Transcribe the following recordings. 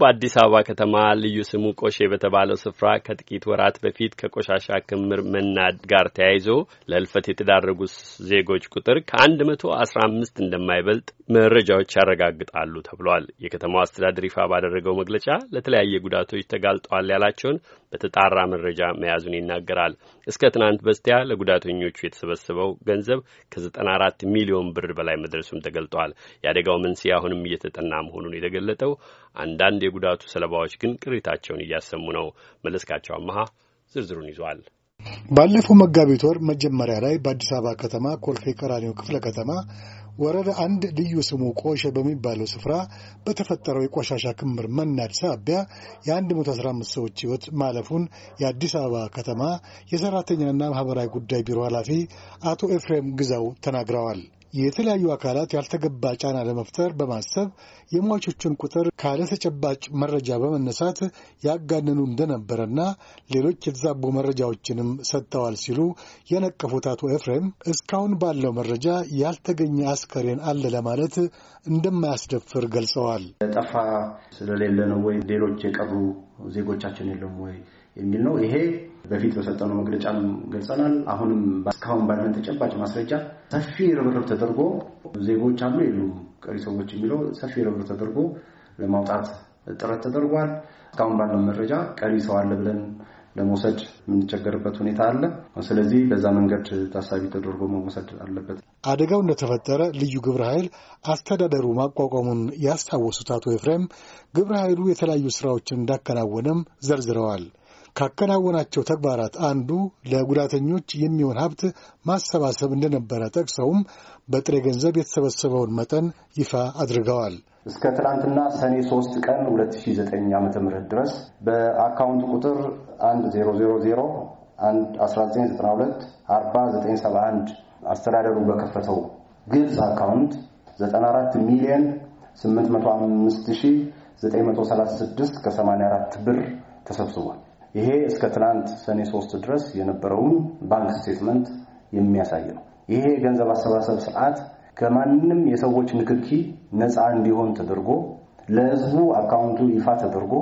በአዲስ አበባ ከተማ ልዩ ስሙ ቆሼ በተባለው ስፍራ ከጥቂት ወራት በፊት ከቆሻሻ ክምር መናድ ጋር ተያይዞ ለሕልፈት የተዳረጉ ዜጎች ቁጥር ከ መቶ እንደማይበልጥ መረጃዎች ያረጋግጣሉ ተብሏል። የከተማው አስተዳደር ይፋ ባደረገው መግለጫ ለተለያየ ጉዳቶች ተጋልጧል ያላቸውን በተጣራ መረጃ መያዙን ይናገራል። እስከ ትናንት በስቲያ ለጉዳተኞቹ የተሰበሰበው ገንዘብ ከ94 ሚሊዮን ብር በላይ መድረሱም ተገልጧል። የአደጋው መንስኤ አሁንም እየተጠና መሆኑን የተገለጠው አንዳንድ የጉዳቱ ሰለባዎች ግን ቅሬታቸውን እያሰሙ ነው። መለስካቸው አመሃ ዝርዝሩን ይዟል። ባለፈው መጋቢት ወር መጀመሪያ ላይ በአዲስ አበባ ከተማ ኮልፌ ቀራኒው ክፍለ ከተማ ወረዳ አንድ ልዩ ስሙ ቆሸ በሚባለው ስፍራ በተፈጠረው የቆሻሻ ክምር መናድ ሳቢያ የ115 ሰዎች ሕይወት ማለፉን የአዲስ አበባ ከተማ የሰራተኛና ማህበራዊ ጉዳይ ቢሮ ኃላፊ አቶ ኤፍሬም ግዛው ተናግረዋል። የተለያዩ አካላት ያልተገባ ጫና ለመፍጠር በማሰብ የሟቾቹን ቁጥር ካለ ተጨባጭ መረጃ በመነሳት ያጋንኑ እንደነበረና ሌሎች የተዛቡ መረጃዎችንም ሰጥተዋል ሲሉ የነቀፉት አቶ ኤፍሬም እስካሁን ባለው መረጃ ያልተገኘ አስከሬን አለ ለማለት እንደማያስደፍር ገልጸዋል። ጠፋ ስለሌለ ነው ወይ ሌሎች የቀሩ ዜጎቻችን የለም ወይ የሚል ነው። ይሄ በፊት በሰጠነው መግለጫም ገልጸናል። አሁንም እስካሁን ባለን ተጨባጭ ማስረጃ ሰፊ ርብርብ ተደርጎ ዜጎች አሉ የሉም ቀሪ ሰዎች የሚለው ሰፊ ርብርብ ተደርጎ ለማውጣት ጥረት ተደርጓል። እስካሁን ባለው መረጃ ቀሪ ሰው አለ ብለን ለመውሰድ የምንቸገርበት ሁኔታ አለ። ስለዚህ በዛ መንገድ ታሳቢ ተደርጎ መውሰድ አለበት። አደጋው እንደተፈጠረ ልዩ ግብረ ኃይል አስተዳደሩ ማቋቋሙን ያስታወሱት አቶ ኤፍሬም ግብረ ኃይሉ የተለያዩ ስራዎችን እንዳከናወነም ዘርዝረዋል። ካከናወናቸው ተግባራት አንዱ ለጉዳተኞች የሚሆን ሀብት ማሰባሰብ እንደነበረ ጠቅሰውም በጥሬ ገንዘብ የተሰበሰበውን መጠን ይፋ አድርገዋል። እስከ ትላንትና ሰኔ 3 ቀን 2009 ዓ ም ድረስ በአካውንት ቁጥር 100019924971 አስተዳደሩ በከፈተው ግልጽ አካውንት 94 ሚሊዮን 805,936 ከ84 ብር ተሰብስቧል። ይሄ እስከ ትናንት ሰኔ ሶስት ድረስ የነበረውን ባንክ ስቴትመንት የሚያሳይ ነው። ይሄ የገንዘብ አሰባሰብ ስርዓት ከማንም የሰዎች ንክኪ ነፃ እንዲሆን ተደርጎ ለህዝቡ አካውንቱ ይፋ ተደርጎ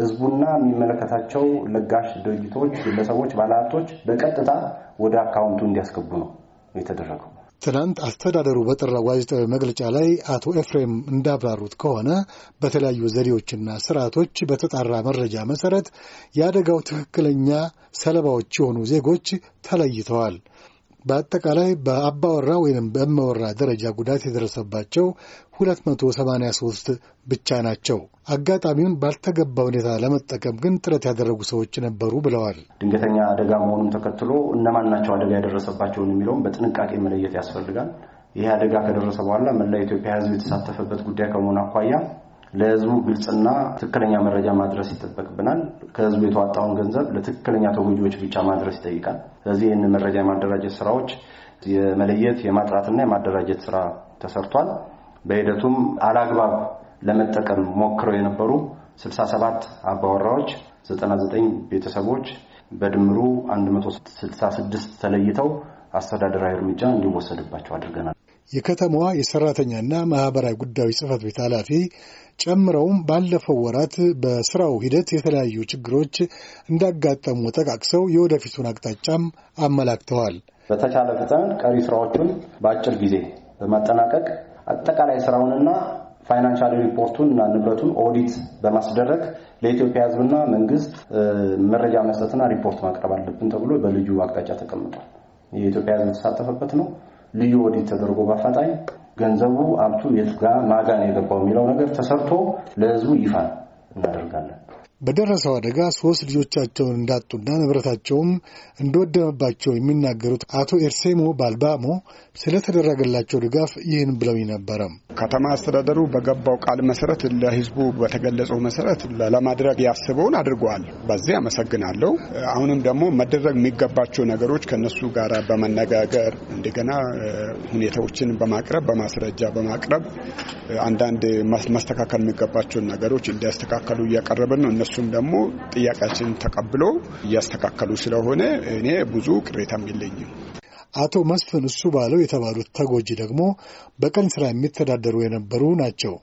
ህዝቡና የሚመለከታቸው ለጋሽ ድርጅቶች፣ ግለሰቦች፣ ባለሀብቶች በቀጥታ ወደ አካውንቱ እንዲያስገቡ ነው የተደረገው። ትናንት አስተዳደሩ በጠራው ጋዜጣዊ መግለጫ ላይ አቶ ኤፍሬም እንዳብራሩት ከሆነ በተለያዩ ዘዴዎችና ስርዓቶች በተጣራ መረጃ መሰረት የአደጋው ትክክለኛ ሰለባዎች የሆኑ ዜጎች ተለይተዋል። በአጠቃላይ በአባወራ ወይም በእመወራ ደረጃ ጉዳት የደረሰባቸው 283 ብቻ ናቸው። አጋጣሚውን ባልተገባ ሁኔታ ለመጠቀም ግን ጥረት ያደረጉ ሰዎች ነበሩ ብለዋል። ድንገተኛ አደጋ መሆኑን ተከትሎ እነማን ናቸው አደጋ የደረሰባቸውን የሚለውም በጥንቃቄ መለየት ያስፈልጋል። ይህ አደጋ ከደረሰ በኋላ መላ ኢትዮጵያ ሕዝብ የተሳተፈበት ጉዳይ ከመሆን አኳያ ለህዝቡ ግልጽና ትክክለኛ መረጃ ማድረስ ይጠበቅብናል። ከህዝቡ የተዋጣውን ገንዘብ ለትክክለኛ ተጎጂዎች ብቻ ማድረስ ይጠይቃል። ስለዚህ ይህን መረጃ የማደራጀት ስራዎች የመለየት የማጥራትና የማደራጀት ስራ ተሰርቷል። በሂደቱም አላግባብ ለመጠቀም ሞክረው የነበሩ 67 አባወራዎች፣ 99 ቤተሰቦች በድምሩ 166 ተለይተው አስተዳደራዊ እርምጃ እንዲወሰድባቸው አድርገናል። የከተማዋ የሰራተኛና ማህበራዊ ጉዳዮች ጽህፈት ቤት ኃላፊ ጨምረውም ባለፈው ወራት በስራው ሂደት የተለያዩ ችግሮች እንዳጋጠሙ ጠቃቅሰው የወደፊቱን አቅጣጫም አመላክተዋል። በተቻለ ፍጠን ቀሪ ስራዎቹን በአጭር ጊዜ በማጠናቀቅ አጠቃላይ ስራውንና ፋይናንሻል ሪፖርቱንና ንብረቱን ኦዲት በማስደረግ ለኢትዮጵያ ሕዝብና መንግስት መረጃ መስጠትና ሪፖርት ማቅረብ አለብን ተብሎ በልዩ አቅጣጫ ተቀምጧል። የኢትዮጵያ ሕዝብ የተሳተፈበት ነው። ልዩ ኦዲት ተደርጎ በአፋጣኝ ገንዘቡ ሀብቱ የት ጋር ማጋን የገባው የሚለው ነገር ተሰርቶ ለሕዝቡ ይፋ እናደርጋለን። በደረሰው አደጋ ሶስት ልጆቻቸውን እንዳጡና ንብረታቸውም እንደወደመባቸው የሚናገሩት አቶ ኤርሴሞ ባልባሞ ስለተደረገላቸው ድጋፍ ይህን ብለው ነበረ። ከተማ አስተዳደሩ በገባው ቃል መሰረት ለህዝቡ በተገለጸው መሰረት ለማድረግ ያስበውን አድርገዋል። በዚህ አመሰግናለሁ። አሁንም ደግሞ መደረግ የሚገባቸው ነገሮች ከነሱ ጋር በመነጋገር እንደገና ሁኔታዎችን በማቅረብ በማስረጃ በማቅረብ አንዳንድ ማስተካከል የሚገባቸውን ነገሮች እንዲያስተካከሉ እያቀረብን ነው። እነሱም ደግሞ ጥያቄያችንን ተቀብሎ እያስተካከሉ ስለሆነ እኔ ብዙ ቅሬታም የለኝም። አቶ መስፍን እሱ ባለው የተባሉት ተጎጂ ደግሞ በቀን ስራ የሚተዳደሩ የነበሩ ናቸው።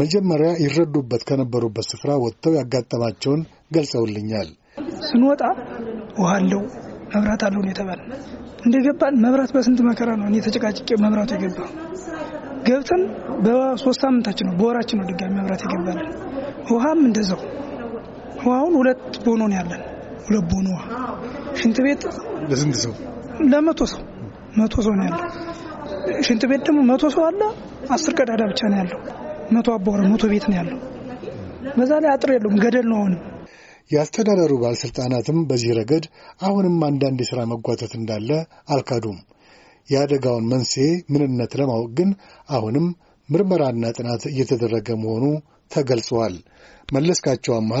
መጀመሪያ ይረዱበት ከነበሩበት ስፍራ ወጥተው ያጋጠማቸውን ገልጸውልኛል። ስንወጣ ውሃ አለው መብራት አለው ነው የተባለ። እንደገባን መብራት በስንት መከራ ነው እኔ ተጨቃጭቄ መብራቱ የገባ ገብተን በሶስት ሳምንታችን ነው በወራችን ነው ድጋሚ መብራት የገባለን። ውሃም እንደዛው ውሃውን ሁለት ቦኖ ነው ያለን። ሁለት ቦኖ ሽንት ቤት ለስንት ሰው? ለመቶ ሰው መቶ ሰው ነው ያለው። ሽንት ቤት ደግሞ መቶ ሰው አለ። አስር ቀዳዳ ብቻ ነው ያለው። መቶ አባወራ መቶ ቤት ነው ያለው። በዛ ላይ አጥር የለውም፣ ገደል ነው አሁንም። የአስተዳደሩ ባለሥልጣናትም በዚህ ረገድ አሁንም አንዳንድ የሥራ መጓተት እንዳለ አልካዱም። የአደጋውን መንስኤ ምንነት ለማወቅ ግን አሁንም ምርመራና ጥናት እየተደረገ መሆኑ ተገልጿል። መለስካቸው አምሃ